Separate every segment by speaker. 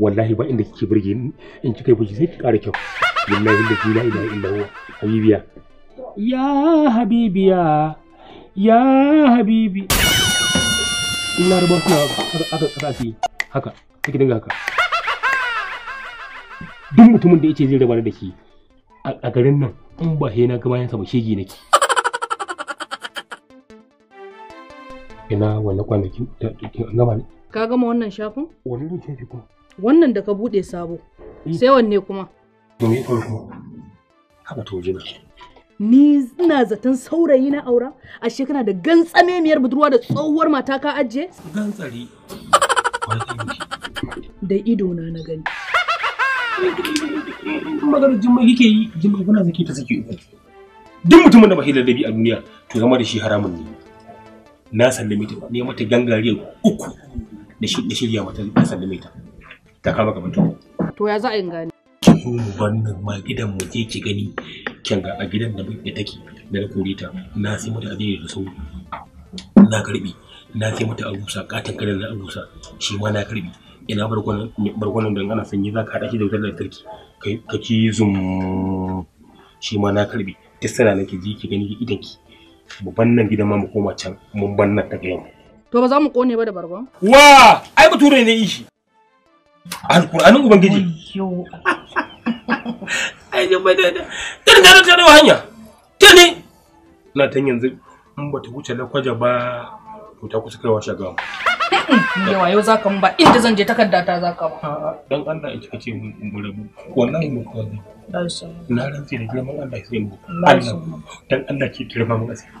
Speaker 1: wallahi ba inda kike burge ni in kika yi fushi sai ki ƙara kyau wallahi da la ilaha illa huwa habibiya ya habibiya ya habibi ina rubar kuna haka haka haka kike dinga haka duk mutumin da yake zai raba da ke a garin nan in ba he na gaba yansa ba shege nake ina wannan kwanakin gama ne Ka gama wannan shafin? Wani ne ke kuma? Wannan da ka buɗe sabo. Mm. Sai wanne kuma? Domin farko. haka to jina. Ni ina zaton saurayi na aura a shekara da miyar budurwa da tsohuwar mata ka ajiye? Gantsari.
Speaker 2: Da ido na na gani.
Speaker 1: Maganar jimma kike yi, jimma kuna zaki ta saki uku. Duk mutumin da ba hilar dabi a duniya to zama da shi haramun ne. Na sallame ta ne mata gangariyar uku. da shirya wata a sallame ta ta kama gaban ta
Speaker 2: to ya za a yin gani
Speaker 1: mu wannan ma gidan mu je ki gani kyan ga a gidan da muke take da na kore ta na sai mata aje da sauri na karbi na sai mata abusa katin kadan na abusa shi ma na karbi ina barkwanan barkwanan dan ana sanyi zaka hada shi da wutar lantarki kai ka ci zum shi ma na karbi duk sana nake ji ki gani idan ki mu nan gidan ma mu koma can mun nan ta ga yau To ba za mu kone ba da bargon? Wa! Ai ba bature ne ishi. Alƙur'anin Ubangiji. Ai ne ba da Tun da ta da hanya. Tani. Na tan yanzu in bata wuce kwaja ba to ta kusa kaiwa shagamu. yawa yau zaka mun ba inda zan je takarda ta zaka ba. Dan Allah ya kace mu rabu. Wallahi mu kuwa. Na rantsi da girman Allah sai mu. Allah dan Allah ki girma mu asiri.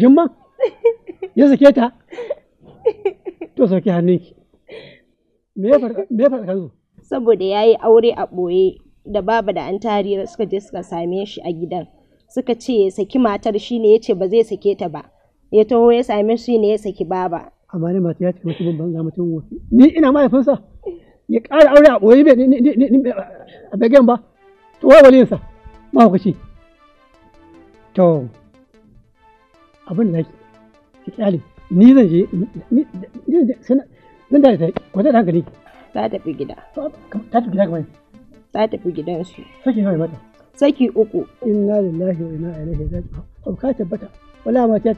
Speaker 2: jimman ya sake ta to sauke hannunki me ya faɗa
Speaker 1: kanzu saboda ya yi aure a ɓoye da baba da an tari suka je suka same shi a gidan suka ce ya saki matar shi ne ya ce ba zai sake ta ba ya taho ya same shi ne ya saki baba
Speaker 2: amma ne mata ya ce mutum ga mutum wofi ni ina mahaifinsa ya ƙara aure a ɓoye a begen ba to wai walinsa mahaukaci to abin naki ki kyale ni zan je ni zan da ta kwata da hankali ta tafi gida ta tafi gida kamar ta tafi gidan su saki nawa mata saki uku inna lillahi wa inna ilaihi raji'un ka tabbata wala ma ta ya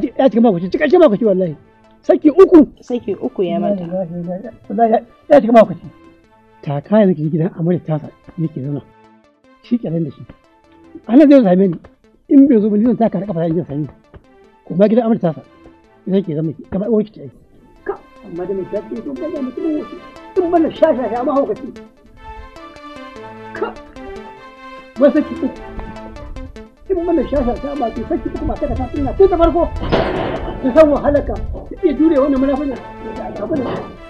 Speaker 2: ta ya ta kama kuci cikakken ma wallahi saki uku saki uku ya mata wallahi ya ta kama kuci ta kaya nake gidan amurka ta sa nake zama shi kenan da shi ana zai same ni in bai zo ba ni zan taka da kafa yin sani ko a gidan ta tasa idan ke zama kamar uwar kici ka amma da mai shaƙi to ba za mu tuna tun bana sha sha sha mahaukaci ka wai saki uku tun bana sha sha sha ma ke saki uku mata da ta tuna tun da farko ta san wahalarka ta iya jure wannan munafunan
Speaker 1: da ta